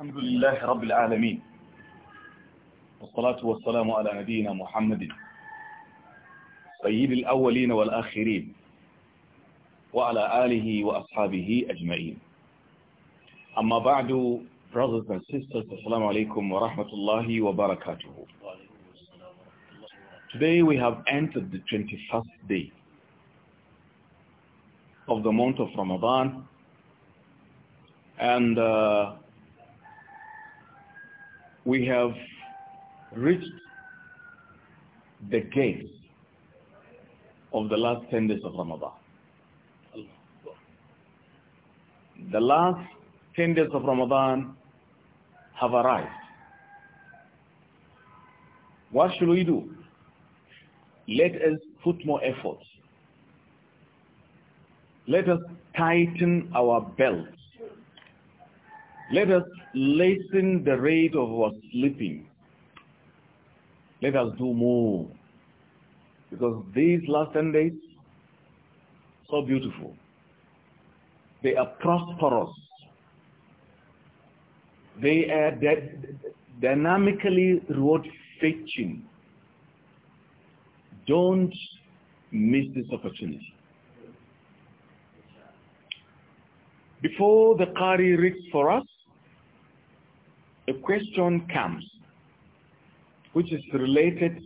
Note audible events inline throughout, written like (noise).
الحمد لله رب العالمين والصلاة والسلام على نبينا محمد سيد الأولين والآخرين وعلى آله وأصحابه أجمعين أما بعد brothers and sisters السلام عليكم ورحمة الله وبركاته Today we have entered the 21st day of the month of Ramadan and uh, we have reached the gates of the last 10 days of Ramadan. The last 10 days of Ramadan have arrived. What should we do? Let us put more effort. Let us tighten our belt let us lessen the rate of our sleeping. Let us do more. Because these last 10 days, so beautiful. They are prosperous. They are dynamically reward-fetching. Don't miss this opportunity. Before the Qari reads for us, a question comes which is related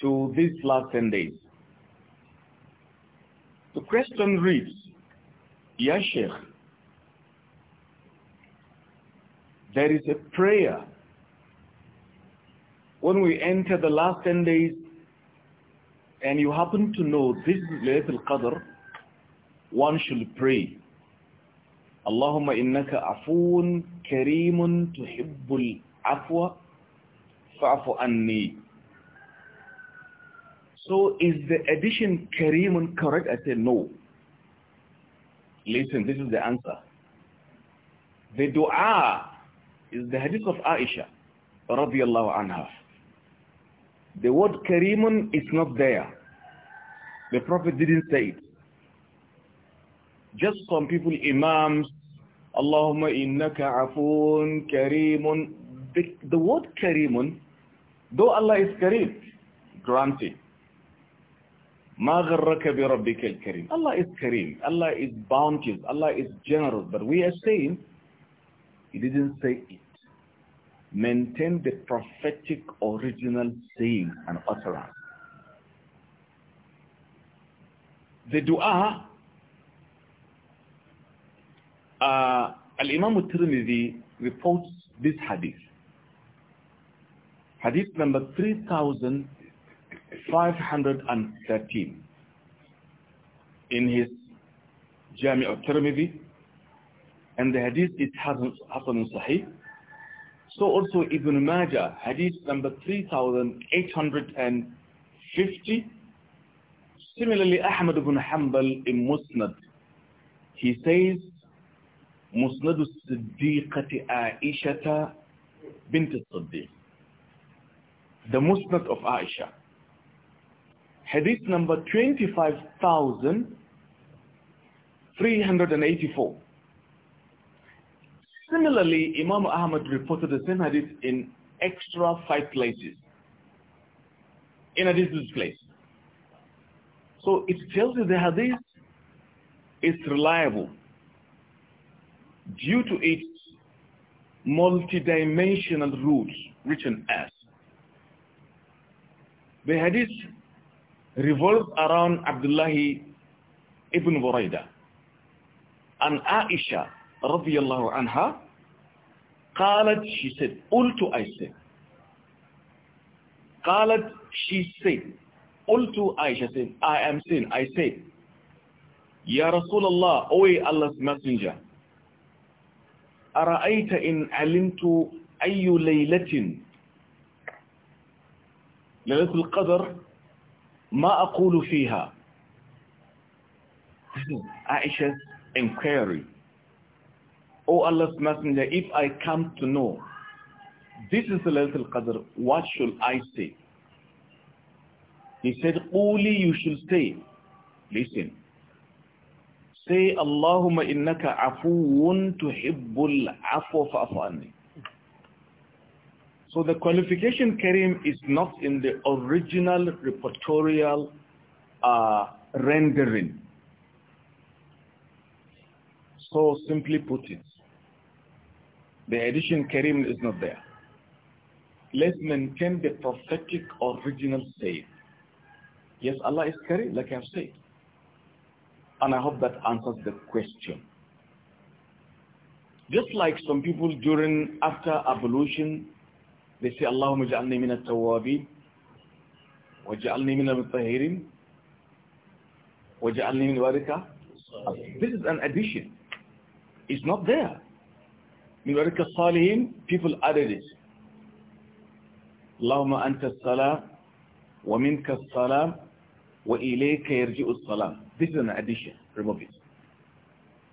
to these last 10 days. The question reads, Ya Sheikh, there is a prayer. When we enter the last 10 days and you happen to know this is al-Qadr, one should pray. Allahumma innaka afoon كريم تحب العفو فاعف عني So is the addition Kareem correct? I said no. Listen, this is the answer. The dua is the hadith of Aisha radiallahu anha. The word Kareem is not there. The Prophet didn't say it. Just some people, imams, Allahumma innaka afoon kareemun. The, the word kareemun, though Allah is kareem, granted. ما غرك بربك الكريم Allah is kareem. Allah is bounteous. Allah is generous. But we are saying, He didn't say it. Maintain the prophetic original saying and utterance. The dua uh, Al-Imam al-Tirmidhi reports this hadith. Hadith number 3513 in his Jami al-Tirmidhi and the hadith is Hasan Sahih. So also Ibn Majah, hadith number 3850. Similarly, Ahmad ibn Hanbal in Musnad, he says مسند الصديقة عائشة بنت الصديق the musnad of Aisha hadith number 25,384 similarly Imam Ahmad reported the same hadith in extra five places in a this place so it tells you the hadith is reliable due to its multidimensional roots written as. The hadith revolves around Abdullah ibn Buraida and Aisha radiyallahu anha قالت she said قلت I said قالت she said قلت Aisha said I am saying I said رسول Rasulullah O Allah's messenger أرأيت إن علمت أي ليلة ليلة القدر ما أقول فيها Aisha's inquiry O Allah's messenger if I come to know this is the Laylatul al Qadr what should I say He said only you should say listen Say, Allahumma innaka afuwun tuhibbul afwa fa'fu so the qualification karim is not in the original reportorial uh, rendering so simply put it the addition karim is not there let's maintain the prophetic original state yes Allah is karim like I have said and I hope that answers the question. Just like some people during, after ablution, they say, Allahumma ja'alni min al-tawabin, wa ja'alni min al-mutahirin, wa ja'alni min warika. This is an addition. It's not there. Min warika salihin, people added it. Allahumma anta salam, wa minka salam, وَإِلَيْكَ يَرْجِعُ السَّلَامُ This is an addition. Remove it.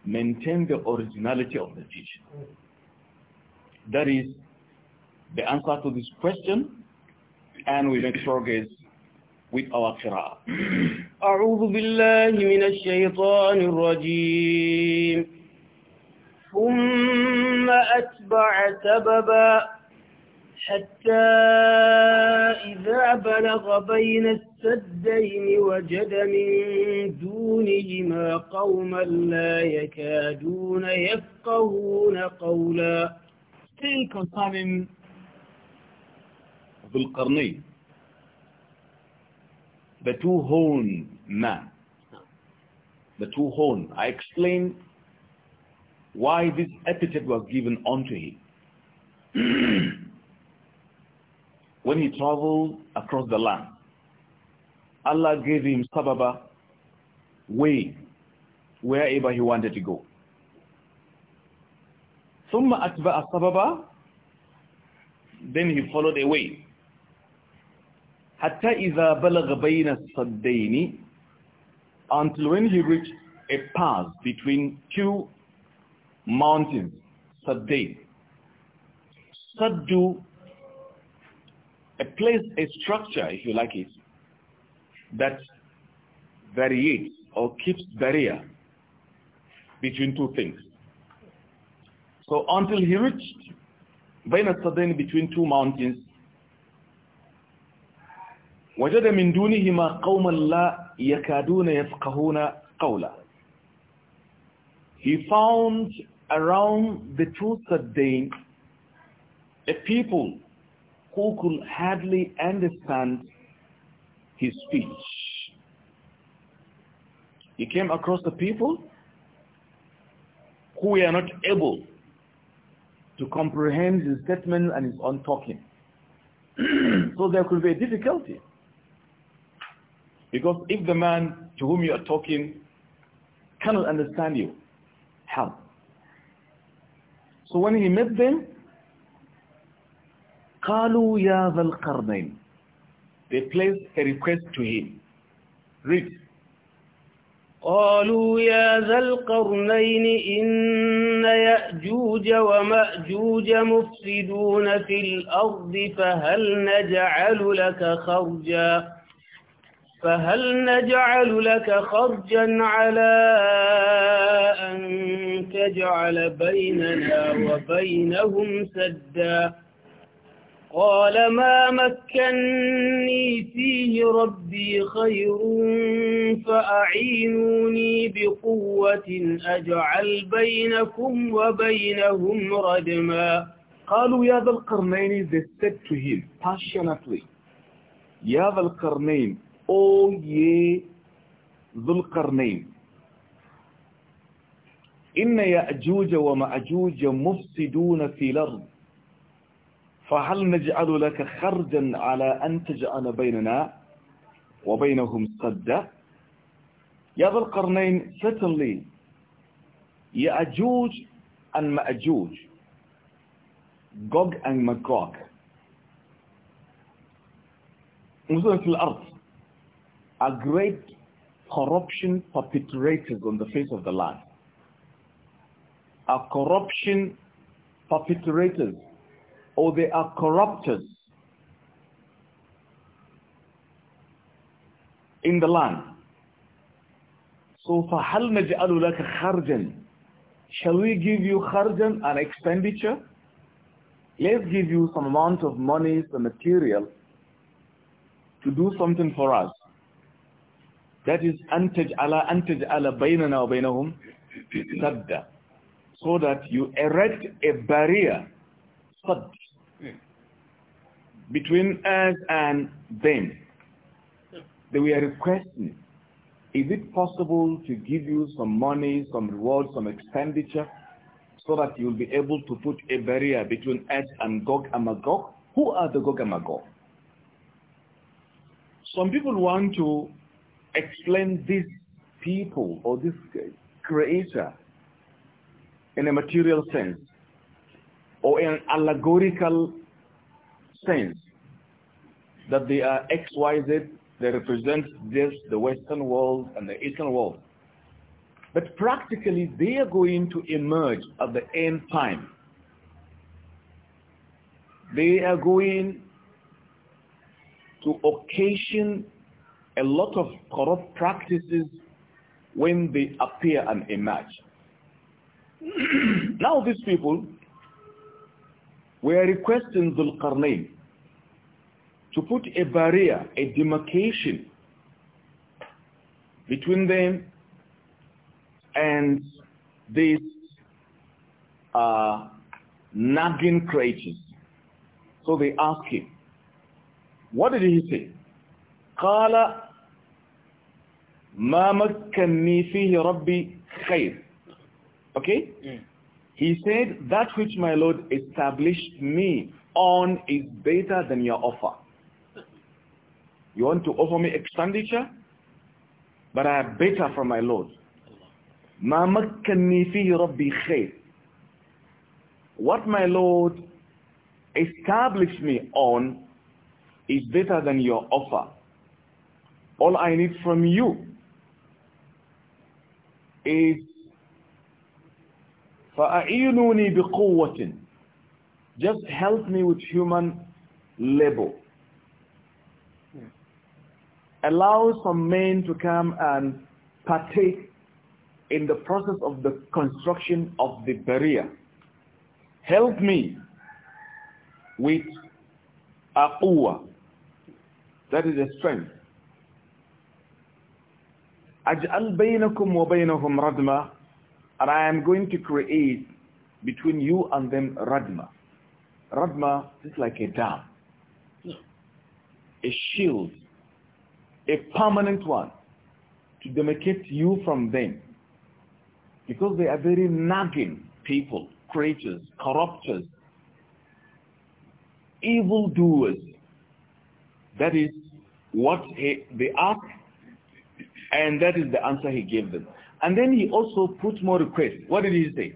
Maintain the originality of the teaching. That is the answer to this question and we make progress with our qira'ah. (clears throat) أعوذ بالله من الشيطان الرجيم ثم أتبع سببا حتى إذا بلغ بين السدين وجد من دونهما قوما لا يكادون يفقهون قولا Still concerning ذو القرنين The two-horned man The two-horned I explained why this epithet was given unto him when he traveled across the land, Allah gave him sababa, way, wherever he wanted to go. ثم أتبع sababa, then he followed the way. حتى إذا بلغ بين الصدين until when he reached a pass between two mountains, Saddain. Saddu a place, a structure, if you like it, that variates or keeps barrier between two things. So until he reached Bainasadain between two mountains, وجد من دونهما قوما لا يكادون يفقهون قولا He found around the two Sadain a people who could hardly understand his speech. He came across the people who were not able to comprehend his statement and his own talking. (clears throat) so there could be a difficulty. Because if the man to whom you are talking cannot understand you, how? So when he met them, قالوا يا ذا القرنين they placed a request to him read قالوا يا ذا القرنين إن يأجوج ومأجوج مفسدون في الأرض فهل نجعل لك خرجا فهل نجعل لك خرجا على أن تجعل بيننا وبينهم سدا قال ما مكني فيه ربي خير فأعينوني بقوة أجعل بينكم وبينهم ردما قالوا يا ذا القرنين they said to him passionately يا ذا القرنين oh يا ذو القرنين إن يأجوج ومأجوج مفسدون في الأرض فهل نجعل لك خرجا على أن تجعل بيننا وبينهم صدى يا ذا القرنين certainly اجوج أن مأجوج جوج أن مكوك مثلا في الأرض a great corruption perpetrated on the face of the land a corruption perpetrated or they are corruptors in the land. So فَهَلْ نَجْعَلُ لَكَ خَرْجًا Shall we give you kharjan, an expenditure? Let's give you some amount of money, some material to do something for us. That is أَن تَجْعَلَ أَن تَجْعَلَ بَيْنَنَا وَبَيْنَهُمْ سَدَّ So that you erect a barrier, between us and them. They were requesting, is it possible to give you some money, some reward, some expenditure, so that you'll be able to put a barrier between us and Gog and Magog? Who are the Gog and Magog? Some people want to explain these people or this creator in a material sense or in an allegorical sense that they are XYZ, they represent this, the Western world and the Eastern world. But practically, they are going to emerge at the end time. They are going to occasion a lot of corrupt practices when they appear and emerge. (clears throat) now these people, we are requesting Dhul Qarnayn to put a barrier, a demarcation between them and these uh, nagging creatures. So they ask him, what did he say? قال ما مكني فيه ربي خير. Okay? Mm. He said, that which my Lord established me on is better than your offer. You want to offer me expenditure? But I have better from my Lord. What my Lord established me on is better than your offer. All I need from you is فَأَعِينُونِي بِقُوَّةٍ Just help me with human labor. Allow some men to come and partake in the process of the construction of the barrier. Help me with aqwa. That is a strength. أَجْعَلْ بَيْنَكُمْ وَبَيْنَهُمْ رَدْمًا and I am going to create between you and them radma. Radma is like a dam, a shield, a permanent one to demarcate you from them. Because they are very nagging people, creatures, corruptors, evildoers. That is what he, they ask, and that is the answer he gave them. And then he also put more requests. What did he say?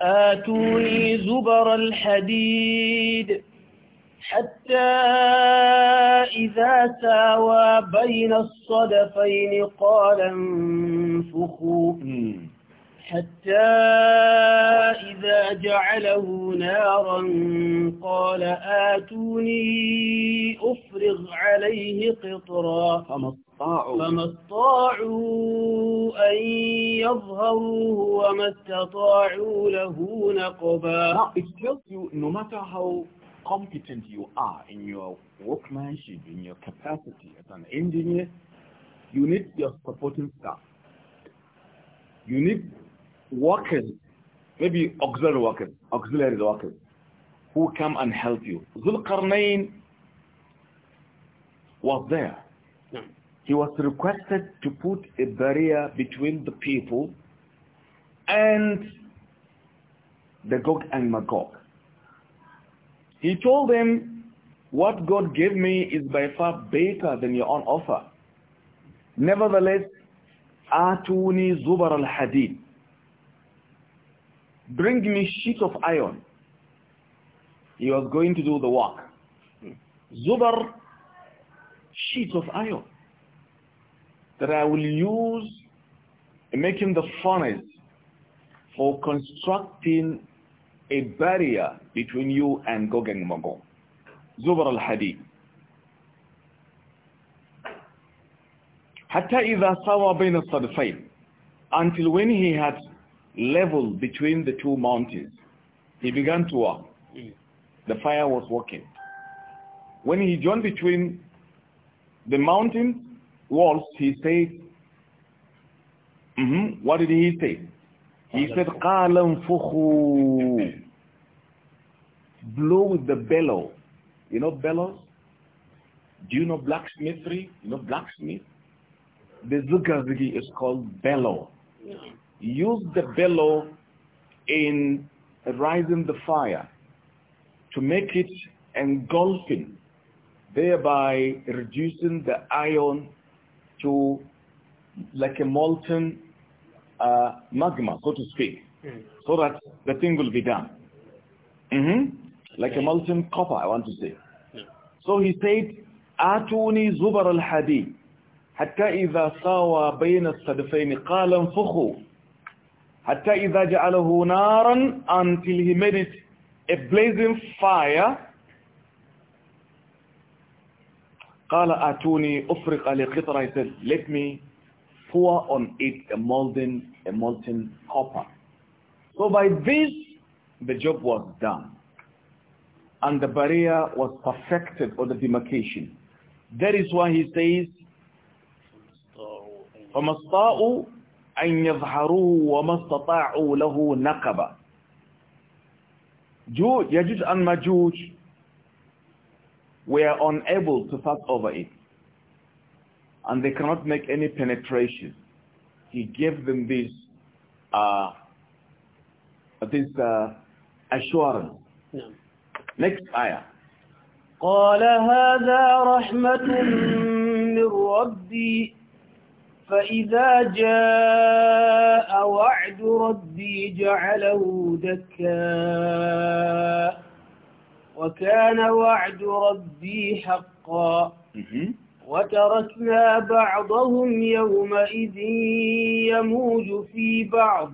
آتوني زبر الحديد حتى إذا ساوى بين الصدفين قال انفخوا حتى إذا جعله نارا قال آتوني أفرغ عليه قطرا فما استطاعوا فما استطاعوا أن يظهروه وما استطاعوا له نقبا Now it tells you no matter how competent you are in your workmanship, in your capacity as an engineer, you need your supporting staff. You need workers, maybe auxiliary workers, auxiliary workers, who come and help you. Zulkarnain was there. He was requested to put a barrier between the people and the Gog and Magog. He told them, what God gave me is by far better than your own offer. Nevertheless, atuni zubar al-hadid bring me sheets of iron. He was going to do the work. Zubar, sheets of iron that I will use in making the furnace for constructing a barrier between you and Gog and Magog. Zubar al-Hadid. حتى إذا سوى بين الصدفين until when he had level between the two mountains. He began to walk. Mm. The fire was working. When he joined between the mountain walls, he said, mm -hmm. what did he say? He said, قَالَ انْفُخُوا Blow with the bellow. You know bellows? Do you know blacksmithery? You know blacksmith? The zugazigi is called bellow. Yeah use the bellow in rising the fire to make it engulfing, thereby reducing the iron to like a molten uh, magma, so to speak, mm. so that the thing will be done. Mm -hmm. Like a molten copper, I want to say. So he said, آتوني زبر الحديد حتى إذا ساوى بين الصدفين قال انفخوا until he made it a blazing fire. He said, let me pour on it a molten, a molten copper. So by this, the job was done. And the barrier was perfected or the demarcation. That is why he says, فَمَسْطَاءُ an yadhharuhu wa mastata'u lahu naqaba Juj, Yajuj and Majuj were unable to pass over it and they cannot make any penetration. He gave them this uh, this uh, assurance. No. Next ayah. قال هذا رحمة من ربي فإذا جاء وعد ربي جعله دكا وكان وعد ربي حقا وتركنا بعضهم يومئذ يموج في بعض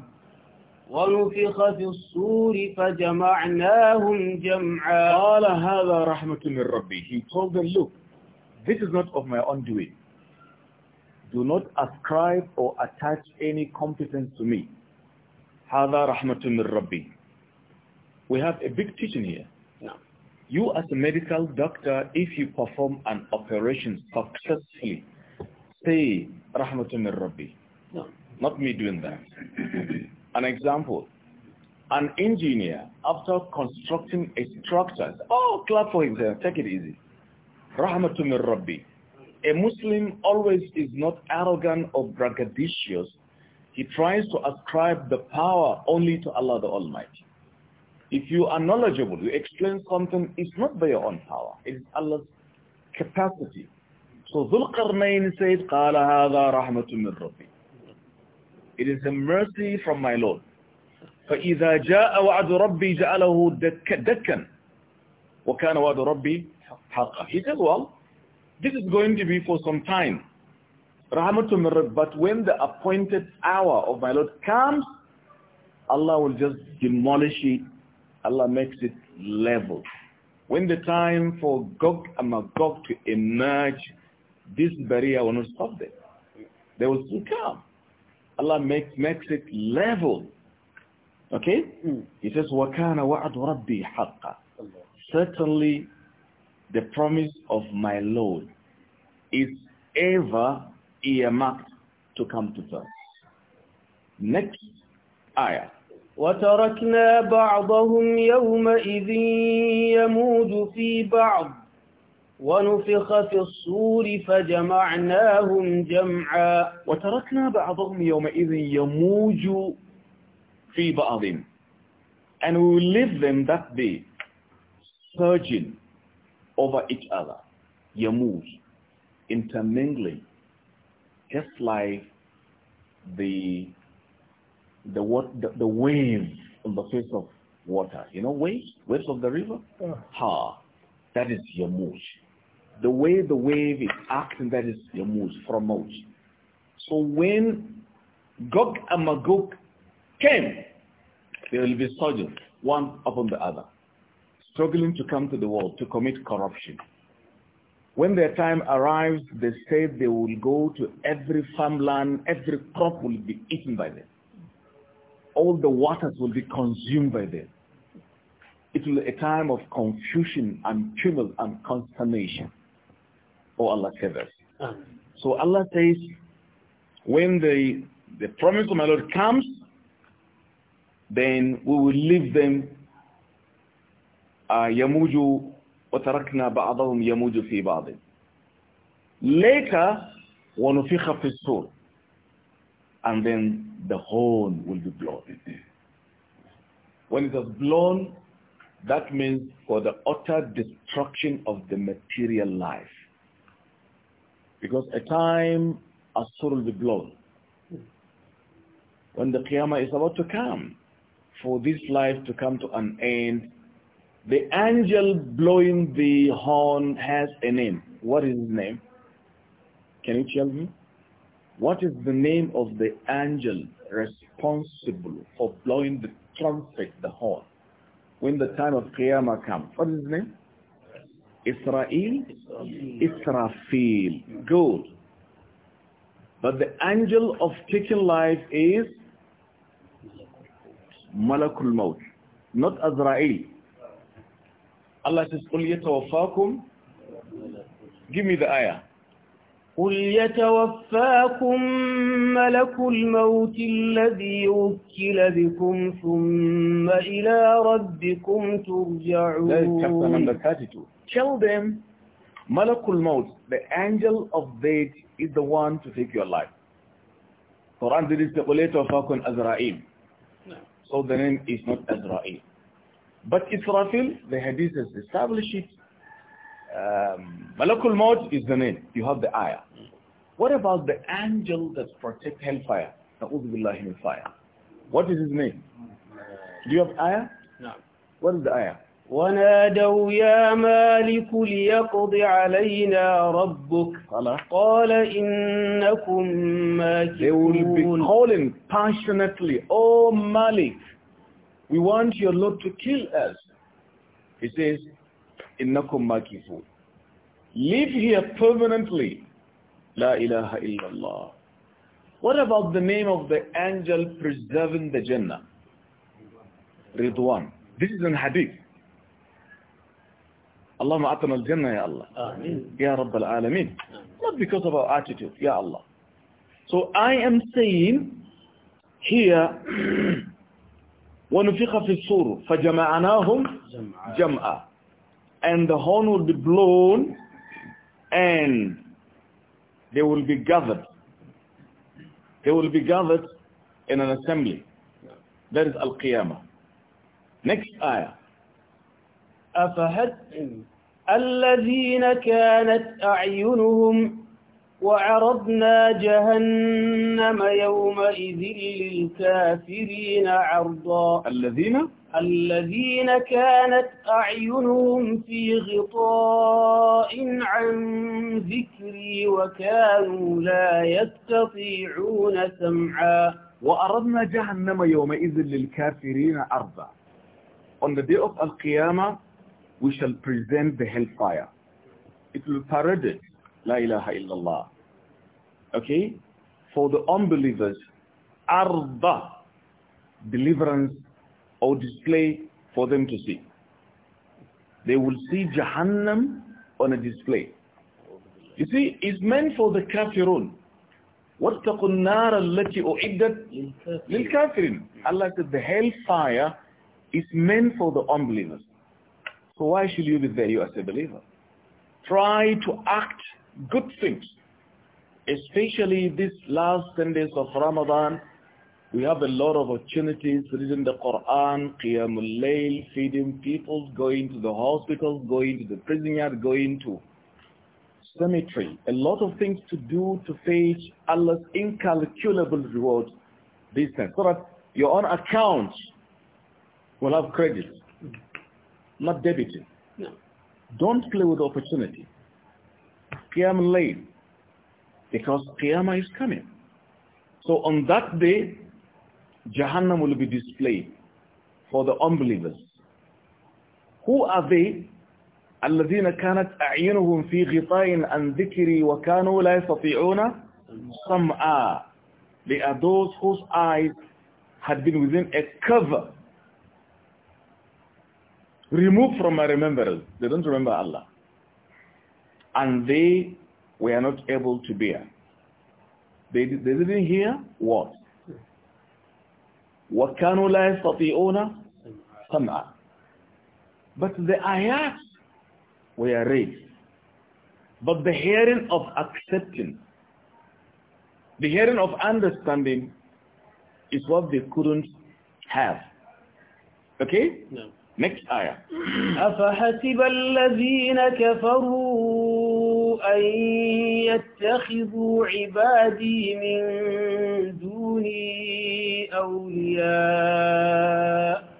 ونفخ في الصور فجمعناهم جمعا قال هذا رحمة من ربي He told them look this is not of my own doing do not ascribe or attach any competence to me. Hada رَحْمَةٌ مِّن We have a big teaching here. No. You as a medical doctor, if you perform an operation successfully, say rahmatun مِّن No. Not me doing that. an example, an engineer, after constructing a structure, oh, clap for him, take it easy. Rahmatun مِّن a Muslim always is not arrogant or braggadocious. He tries to ascribe the power only to Allah the Almighty. If you are knowledgeable, you explain something, it's not by your own power. It is Allah's capacity. So Dhul-Qarnayn said, قَالَ هَذَا رَحْمَةٌ مِّن رَبِّي It is a mercy from my Lord. فإذا جاء وعد ربي جعله دكا دكا وكان وعد ربي حقا he said well this is going to be for some time. But when the appointed hour of my Lord comes, Allah will just demolish it. Allah makes it level. When the time for Gog and Magog to emerge, this barrier will not stop them. They will still come. Allah makes, makes it level. Okay? Hmm. He says, وَكَانَ وَعَدْ رَبِّي حَقًّا Certainly, the promise of my Lord is ever earmarked to come to pass. Next ayah. وتركنا بعضهم يومئذ يموج في بعض ونفخ في الصور فجمعناهم جمعا وتركنا بعضهم يومئذ يموج في بعض and we will leave them that day surging over each other, yamuz, intermingling, just like the the what the, the waves on the face of water. You know waves, waves of the river. Ha, that is yamuz. The way the wave is acting, that is yamuz, from out. So when Gog and Magog came, there will be soldiers one upon the other struggling to come to the world to commit corruption. When their time arrives, they say they will go to every farmland, every crop will be eaten by them. All the waters will be consumed by them. It will be a time of confusion and tumult and consternation. Oh Allah save us. So Allah says, when the, the promise of my Lord comes, then we will leave them يموج وتركنا بعضهم يموج في بعض ونفخ في and then the horn will be blown when it is blown that means for the utter destruction of the material life because a time a sword will be blown when the qiyamah is about to come for this life to come to an end the angel blowing the horn has a name. What is his name? Can you tell me? What is the name of the angel responsible for blowing the trumpet, the horn, when the time of Qiyamah comes? What is his name? Israel? Israfil. Good. But the angel of taking life is Malakul Maut, not Azrael. Allah says, قُلْ يَتَوَفَّاكُمْ Give me the ayah. قُلْ يَتَوَفَّاكُمْ مَلَكُ الْمَوْتِ الَّذِي يُوكِّلَ بِكُمْ ثُمَّ إِلَىٰ رَبِّكُمْ تُرْجَعُونَ That is chapter number 32. Tell them, مَلَكُ الْمَوْتِ the angel of death, is the one to take your life. Quran did it, قُلْ يَتَوَفَّاكُمْ أَزْرَائِيمُ So the name is not Azra'im. But Israfil, the hadith has established it. Um, Malakul Maut is the name. You have the ayah. What about the angel that protects hellfire? Na'udhu billahi min fire. What is his name? Do you have ayah? No. What is the ayah? ونادوا يا مالك علينا ربك قال إنكم They will be calling passionately, Oh Malik, we want your Lord to kill us. He says, Innakum makifu. Live here permanently. La ilaha illallah. What about the name of the angel preserving the Jannah? Ridwan. This is in Hadith. اللهم أعطنا الجنة يا الله آمين. يا رب العالمين not because of our attitude ya Allah so I am saying here (clears throat) ونفخ في الصور فجمعناهم جمعا and the horn will be blown and they will be gathered they will be gathered in an assembly that is al-qiyamah next ayah أفهد الذين كانت أعينهم وعرضنا جهنم يومئذ للكافرين عرضا الذين الذين كانت أعينهم في غطاء عن ذكري وكانوا لا يستطيعون سمعا وأردنا جهنم يومئذ للكافرين أرضا On the day of القيامة we shall present the hellfire. It will paradise لا إله إلا الله okay, for the unbelievers, arda, deliverance or display for them to see. They will see Jahannam on a display. You see, it's meant for the kafirun. وَاتَّقُوا النَّارَ الَّتِي أُعِدَّتْ لِلْكَافِرِينَ Allah said the hellfire is meant for the unbelievers. So why should you be there, you as a believer? Try to act good things especially this last 10 days of Ramadan, we have a lot of opportunities reading the Quran, Qiyamul Layl, feeding people, going to the hospital, going to the prison yard, going to cemetery. A lot of things to do to fetch Allah's incalculable reward this time. So that your own account will have credit, not debit. No. Don't play with opportunity. Qiyamul Layl, because Qiyamah is coming. So on that day, Jahannam will be displayed for the unbelievers. Who are they? الذين كانت أعينهم في غطاء عن ذكري وكانوا لا يستطيعون سمعا They are those whose eyes had been within a cover removed from my remembrance. They don't remember Allah. And they we are not able to bear. They, they didn't hear what? وَكَانُوا لَا يَسْتَطِيعُونَ سَمْعًا But the ayat were raised. But the hearing of acceptance, the hearing of understanding is what they couldn't have. Okay? No. Next ayah. (clears throat) أَفَحَسِبَ الَّذِينَ كَفَرُوا أن يتخذوا عبادي من دوني أولياء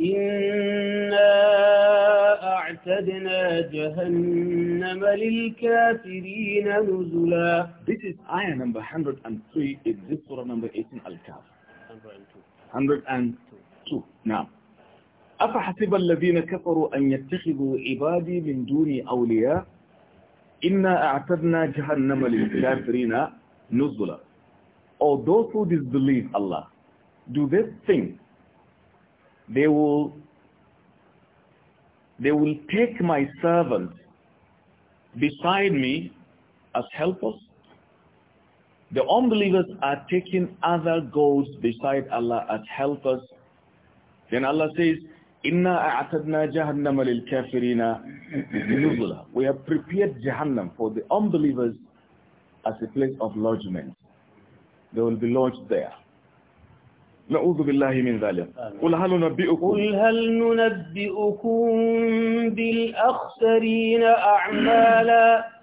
إنا أعتدنا جهنم للكافرين نزلا This is ayah number 103 in this surah number 18 Al-Kaf 102 Now أفحسب الذين كفروا أن يتخذوا عبادي من دوني أولياء Inna a'tadna jahannama lil kafirina nuzula. Or those who disbelieve Allah, do they think they will they will take my servant beside me as helpers? The unbelievers are taking other gods beside Allah as helpers. Then Allah says, إنا أعتدنا جهنم للكافرين نزلا. We have prepared Jahannam for the unbelievers as a place of lodgment. They will be lodged there. نعوذ بالله من ذلك قل هل ننبئكم قل هل ننبئكم بالأخسرين أعمالا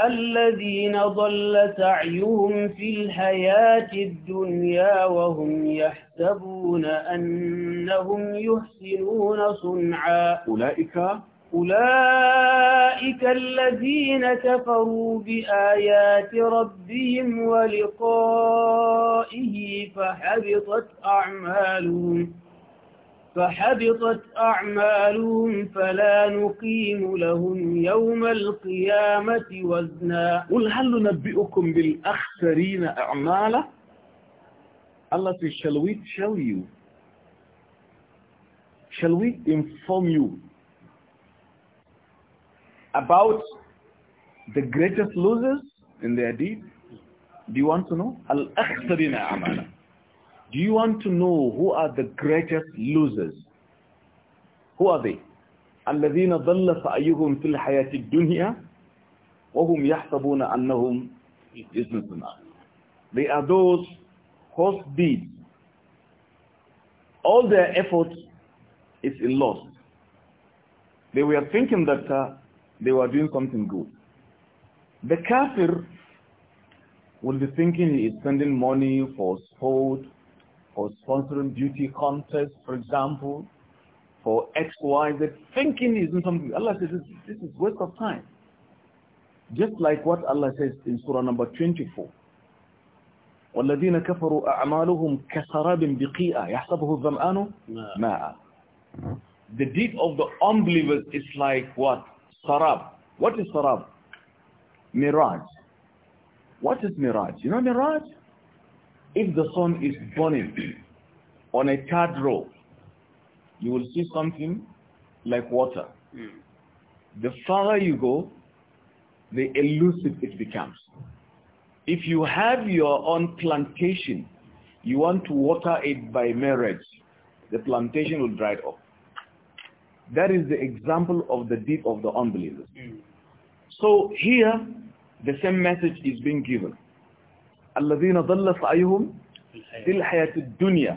الذين ضل سعيهم في الحياة الدنيا وهم يحسبون أنهم يحسنون صنعا أولئك أولئك الذين كفروا بآيات ربهم ولقائه فحبطت أعمالهم فحبطت أعمالهم فلا نقيم لهم يوم القيامة وزنا قل هل ننبئكم بالأخسرين أعمالا Allah says, shall we tell you? Shall we inform you about the greatest losers in their deeds? Do you want to know? Al-akhsarina amala. Do you want to know who are the greatest losers? Who are they? الذين ظلَّ فَأَيُّهُمْ في الحياة الدنيا وهم يحسبون أنهم يحسنون They are those whose deeds, all their efforts is in loss. They were thinking that uh, they were doing something good. The kafir will be thinking he is sending money for sport, for sponsoring beauty contests, for example, for X, Y, Z. Thinking isn't something. Allah says this, this is waste of time. Just like what Allah says in Surah number 24. والذين كفروا أعمالهم كسراب بقيئة يحسبه الظمآن ماء The deed of the unbelievers is like what? Sarab. What is sarab? Mirage. What is mirage? You know mirage? If the sun is burning on a third row, you will see something like water. Mm. The farther you go, the elusive it becomes. If you have your own plantation, you want to water it by marriage, the plantation will dry up. That is the example of the deep of the unbelievers. Mm. So here, the same message is being given. الَّذِينَ ضَلَّ سَعْيُهُمْ فِي الْحَيَاةِ الدُّنْيَا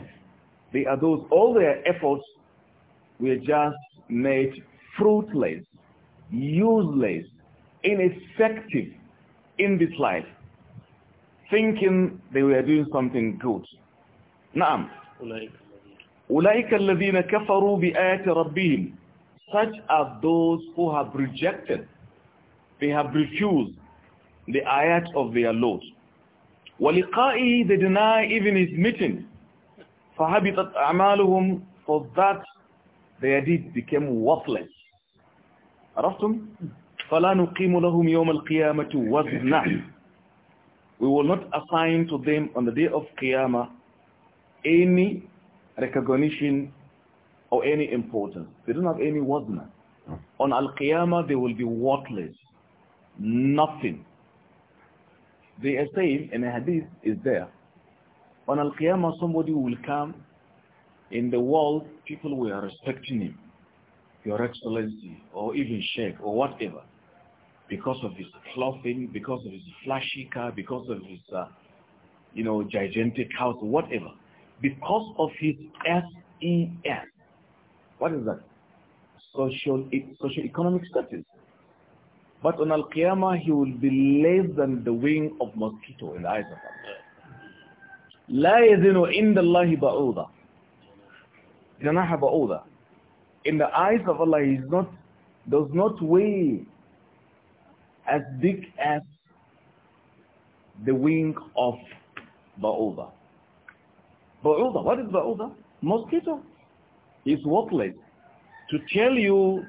They are those, all their efforts were just made fruitless, useless, ineffective in this life, thinking they were doing something good. نعم. أُولَئِكَ الَّذِينَ كَفَرُوا بآيات رَبِّهِمْ Such are those who have rejected, they have refused the ayat of their Lord. وَلِقَائِهِ They deny even his meeting. فَحَبِطَتْ أَعْمَالُهُمْ For that their deeds became worthless. عرفتم؟ فَلَا نُقِيمُ لَهُمْ يَوْمَ الْقِيَامَةِ وَزْنًا We will not assign to them on the day of Qiyamah any recognition or any importance. They don't have any wazna. On Al-Qiyamah, they will be worthless. Nothing. They are saying, and a hadith is there, on Al-Qiyamah somebody will come in the world, people will be respecting him, Your Excellency, or even Sheikh, or whatever, because of his clothing, because of his flashy car, because of his, uh, you know, gigantic house, whatever. Because of his SES. What is that? Social, social economic status. But on Al-Qiyamah, he will be less than the wing of mosquito in the eyes of Allah. لا يزن عند الله بعوضة جناح بعوضة In the eyes of Allah, he is not, does not weigh as big as the wing of Ba'udha. Ba'udha, what is Ba'udha? Mosquito. It's worthless. To tell you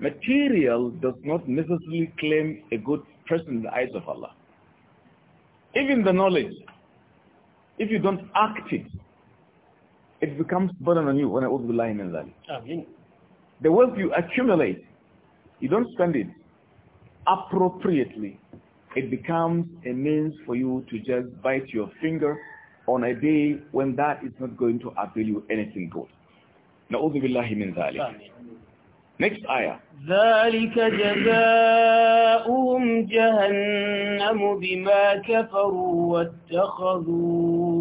material does not necessarily claim a good person in the eyes of Allah. Even the knowledge, if you don't act it, it becomes burden on you when I would be lying in that. The wealth you accumulate, you don't spend it appropriately. It becomes a means for you to just bite your finger on a day when that is not going to avail you anything good. Na'udhu billahi min Next ayah. ذلك جزاؤهم جهنم بما كفروا واتخذوا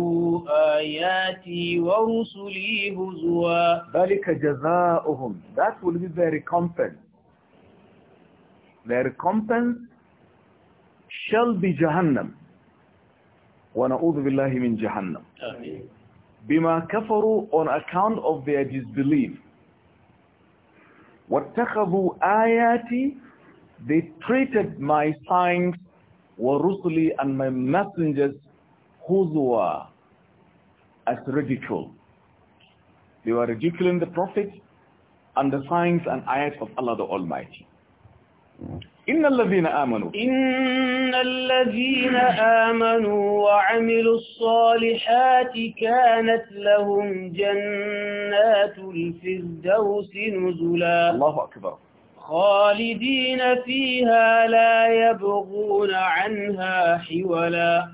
آياتي ورسلي هزوا ذلك جزاؤهم That will be their recompense. Their recompense shall be جهنم ونعوذ بالله من جهنم. آمين. بما كفروا on account of their disbelief. وَاتَّخَذُوا آيَاتِ They treated my signs وَرُسُلِي and my messengers هُزُوَى as ridicule. They were ridiculing the Prophet and the signs and ayat of Allah the Almighty. إن الذين آمنوا إن الذين آمنوا وعملوا الصالحات كانت لهم جنات الفردوس نزلا الله أكبر خالدين فيها لا يبغون عنها حولا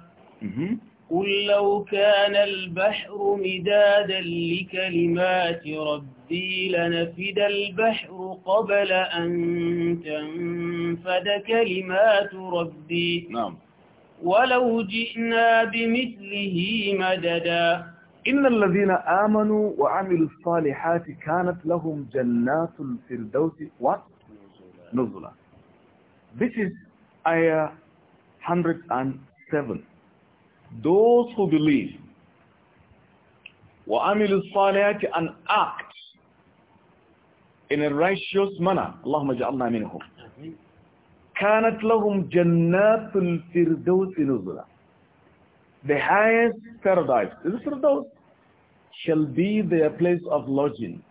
قل لو كان البحر مدادا لكلمات ربي لنفد البحر قبل أن تنفد كلمات ربي نعم ولو جئنا بمثله مددا إن الذين آمنوا وعملوا الصالحات كانت لهم جنات الفردوس ونزلا This is ayah 107 those who believe وَعَمِلُوا الصَّالِحَاتِ and act in a righteous manner اللهم اجعلنا منهم كانت لهم the highest paradise is paradise shall be their place of lodging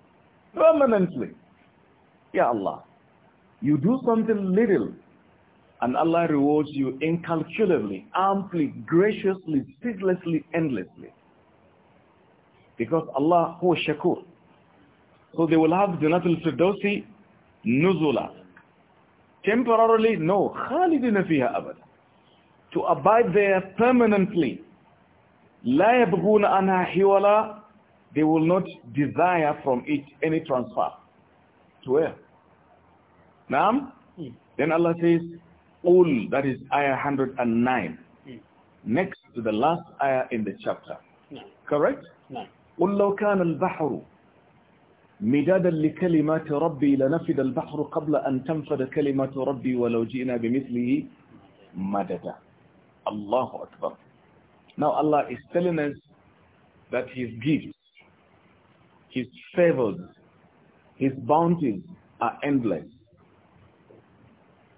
permanently ya Allah you do something little and Allah rewards you incalculably, amply, graciously, ceaselessly, endlessly. Because Allah who is Shakur. So they will have Janatul Firdausi Nuzula. Temporarily, no. Khalidina fiha abad. To abide there permanently. La yabghuna anha hiwala. They will not desire from it any transfer. To where? Naam? Hmm. Then Allah says, Qul, that is ayah 109, mm. next to the last ayah in the chapter. No. Hmm. Correct? Hmm. قل لو كان البحر مدادا لكلمات ربي لنفد البحر قبل أن تنفد كلمات ربي ولو جئنا بمثله مددا الله أكبر Now Allah is telling us that His gifts, His favors, His bounties are endless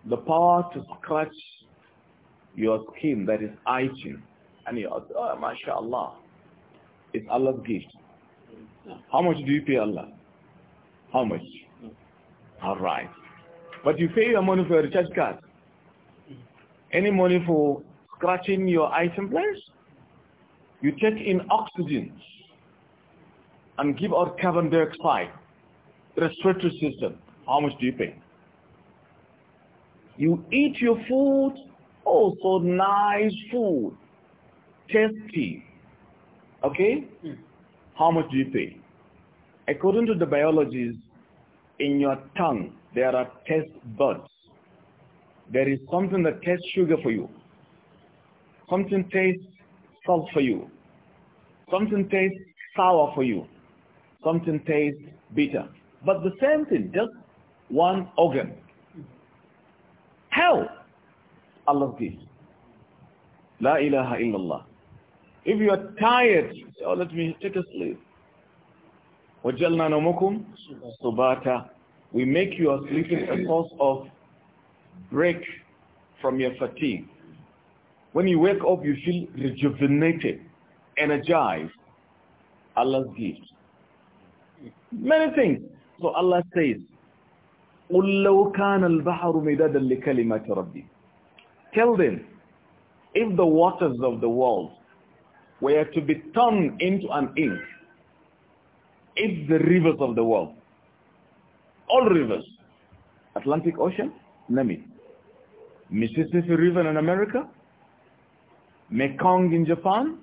the power to scratch your skin that is itching and you ask, oh, mashallah, it's Allah's gift. How much do you pay Allah? How much? All right. But you pay your money for your recharge card. Any money for scratching your item place? You take in oxygen and give out carbon dioxide. The respiratory system. How much do you pay? You eat your food, also nice food, tasty. Okay? Mm. How much do you pay? According to the biologists, in your tongue, there are taste buds. There is something that tastes sugar for you. Something tastes salt for you. Something tastes sour for you. Something tastes bitter. But the same thing, just one organ Hell! Allah gives. La ilaha illallah. If you are tired, say, oh, let me take a sleep. وَجَلْنَا نَوْمُكُمْ We make your sleeping a source of break from your fatigue. When you wake up, you feel rejuvenated, energized. Allah's gift. Many things. So Allah says, قُلْ لَوْ كَانَ الْبَحَرُ مِدَادًا رَبِّي Tell them, if the waters of the world were to be turned into an ink, if the rivers of the world, all rivers, Atlantic Ocean, name it, Mississippi River in America, Mekong in Japan,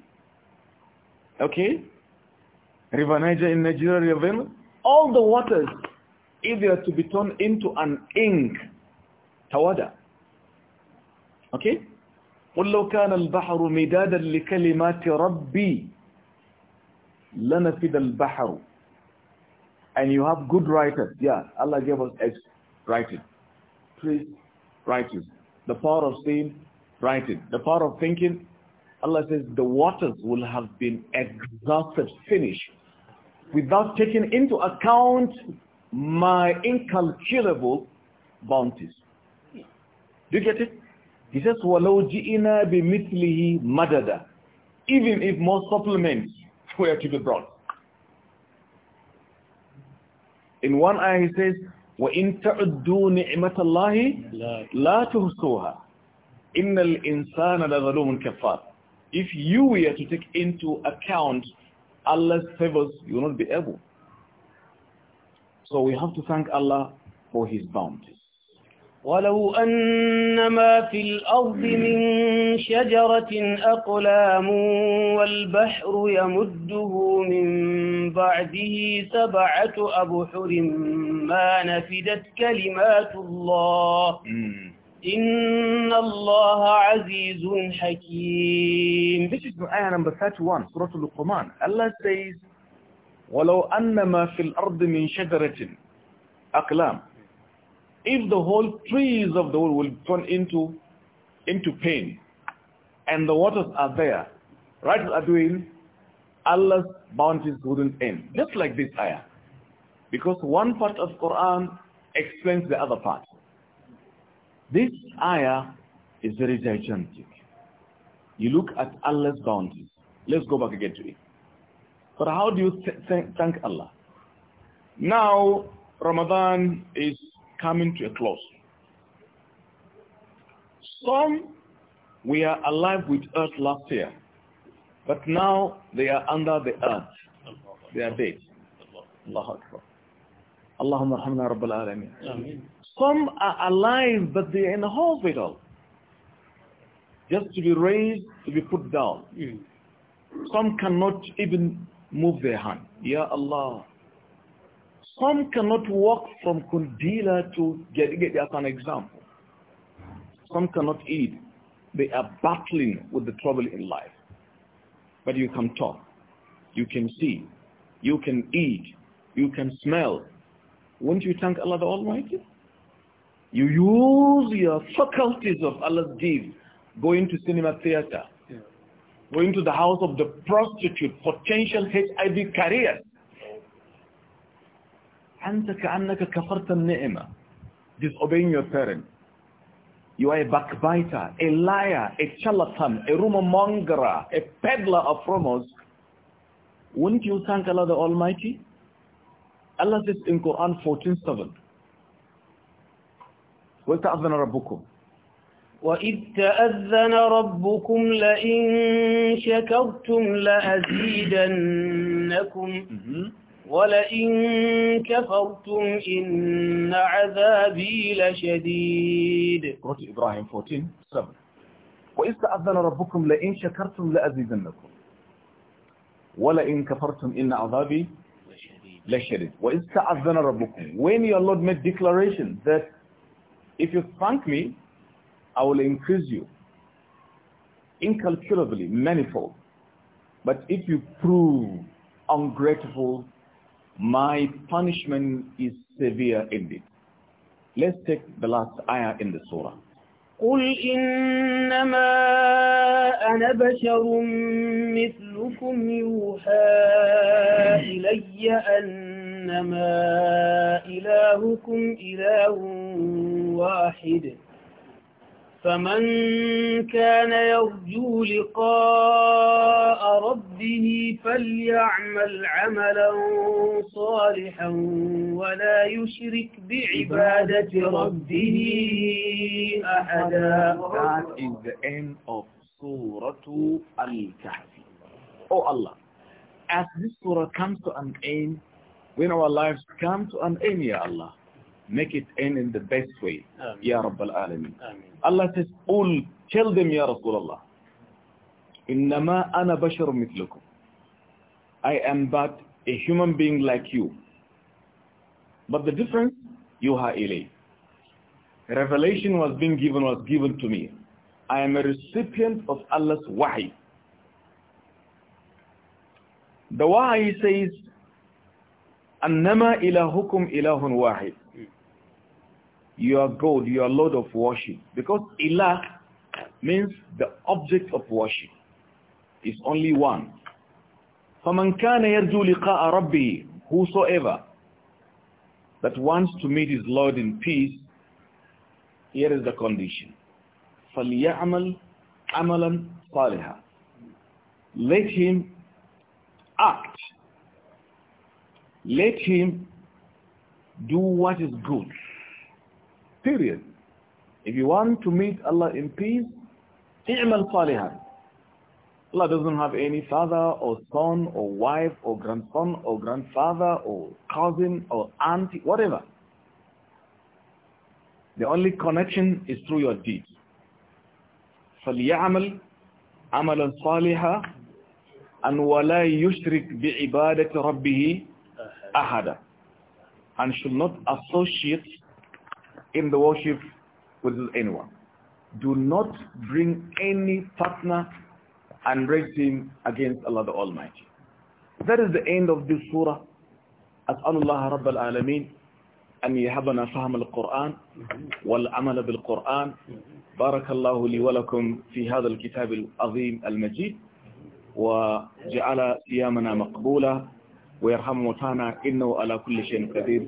okay, River Niger in Nigeria, all the waters easier to be turned into an ink, tawada. Okay? قل لو كان البحر مدادا لكلمات ربي لنفد البحر and you have good writers yeah Allah gave us as writing please it. the power of seeing writing the power of thinking Allah says the waters will have been exhausted finished without taking into account my incalculable bounties. Do you get it? He says, وَلَوْ جِئِنَا bimithlihi madada." Even if more supplements (laughs) were to be brought. In one eye, he says, وَإِن تَعُدُّوا نِعْمَةَ اللَّهِ لَا تُحْصُوهَا إِنَّ الْإِنسَانَ لَظَلُومٌ كَفَّارٌ If you were to take into account Allah's favors, you will not be able. So we have to thank Allah for his bounty. ولو أَنَّمَا في الأرض من شجرة أقلام والبحر يمده من بعده سبعة أبحر ما نفدت كلمات الله hmm. إن الله عزيز حكيم This is ayah number 31, Surah Al-Luqman. Allah says, وَلَوْ فِي الْأَرْضِ مِنْ أَقْلَامٍ If the whole trees of the world will turn into, into pain, and the waters are there, right are doing, Allah's bounties wouldn't end. Just like this ayah. Because one part of Quran explains the other part. This ayah is very gigantic. You look at Allah's bounties. Let's go back again to it. But how do you thank Allah? Now, Ramadan is coming to a close. Some were alive with earth last year, but now they are under the earth. They are dead. Allah Akbar. Allahumma arhamna rabbal alameen. Some are alive, but they are in a hospital. Just to be raised, to be put down. Hmm. Some cannot even move their hand. Ya Allah. Some cannot walk from kundila to get, get as an example. Some cannot eat. They are battling with the trouble in life. But you can talk. You can see. You can eat. You can smell. Won't you thank Allah the Almighty? You use your faculties of Allah's gift. Going to cinema theater going to the house of the prostitute, potential HIV carriers. أنت كأنك كفرت النعمة disobeying your parents. You are a backbiter, a liar, a charlatan, a rumor monger, a peddler of rumors. Wouldn't you thank Allah the Almighty? Allah says in Quran 14.7, وَلْتَعْذَنَ رَبُّكُمْ وَإِذْ تَأَذَّنَ رَبُّكُمْ لَئِن شَكَرْتُمْ لَأَزِيدَنَّكُمْ وَلَئِن كَفَرْتُمْ إِنَّ عَذَابِي لَشَدِيدٌ سورة إبراهيم 14 7 وَإِذْ تَأَذَّنَ رَبُّكُمْ لَئِن شَكَرْتُمْ لَأَزِيدَنَّكُمْ وَلَئِن كَفَرْتُمْ إِنَّ عَذَابِي لَشَدِيدٌ وَإِذْ تَأَذَّنَ رَبُّكُمْ When your Lord made declaration that if you thank me I will increase you incalculably, manifold. But if you prove ungrateful, my punishment is severe indeed. Let's take the last ayah in the surah. قل إنما أنا بشر مثلكم يوحى إلي أنما إلهكم إله واحد فمن كان يرجو لقاء ربه فليعمل عملا صالحا ولا يشرك بعبادة ربه أحدا That is the end of Surah al kahf Oh Allah, as this surah comes to an end, when our lives come to an end, Ya Allah, make it end in the best way. Ameen. Ya Rabbal Allah says, Ul, tell them, Ya Rasulullah, Innama ana bashar mitlukum. I am but a human being like you. But the difference, you are ilay. Revelation was being given, was given to me. I am a recipient of Allah's wahi. The wahi says, أنما إلهكم إله واحد your God, your Lord of worship. Because Ilah means the object of worship. is only one. فَمَنْ كَانَ يَرْجُو لِقَاءَ رَبِّهِ Whosoever that wants to meet his Lord in peace, here is the condition. فَلْيَعْمَلْ عَمَلًا صَالِحًا Let him act. Let him do what is good. Period. If you want to meet Allah in peace, i'mal salihan. Allah doesn't have any father or son or wife or grandson or grandfather or cousin or auntie, whatever. The only connection is through your deeds. فَلْيَعْمَلْ عَمَلًا صَالِحًا أَنْ وَلَا يُشْرِكْ بِعِبَادَةِ رَبِّهِ أَحَدًا And should not associate in the worship with anyone. Do not bring any partner and raise him against Allah the Almighty. That is the end of this surah. أسأل الله رب العالمين أن يهبنا فهم القرآن والعمل بالقرآن بارك الله لي ولكم في هذا الكتاب العظيم المجيد وجعل صيامنا مقبولا ويرحم موتانا إنه على كل شيء قدير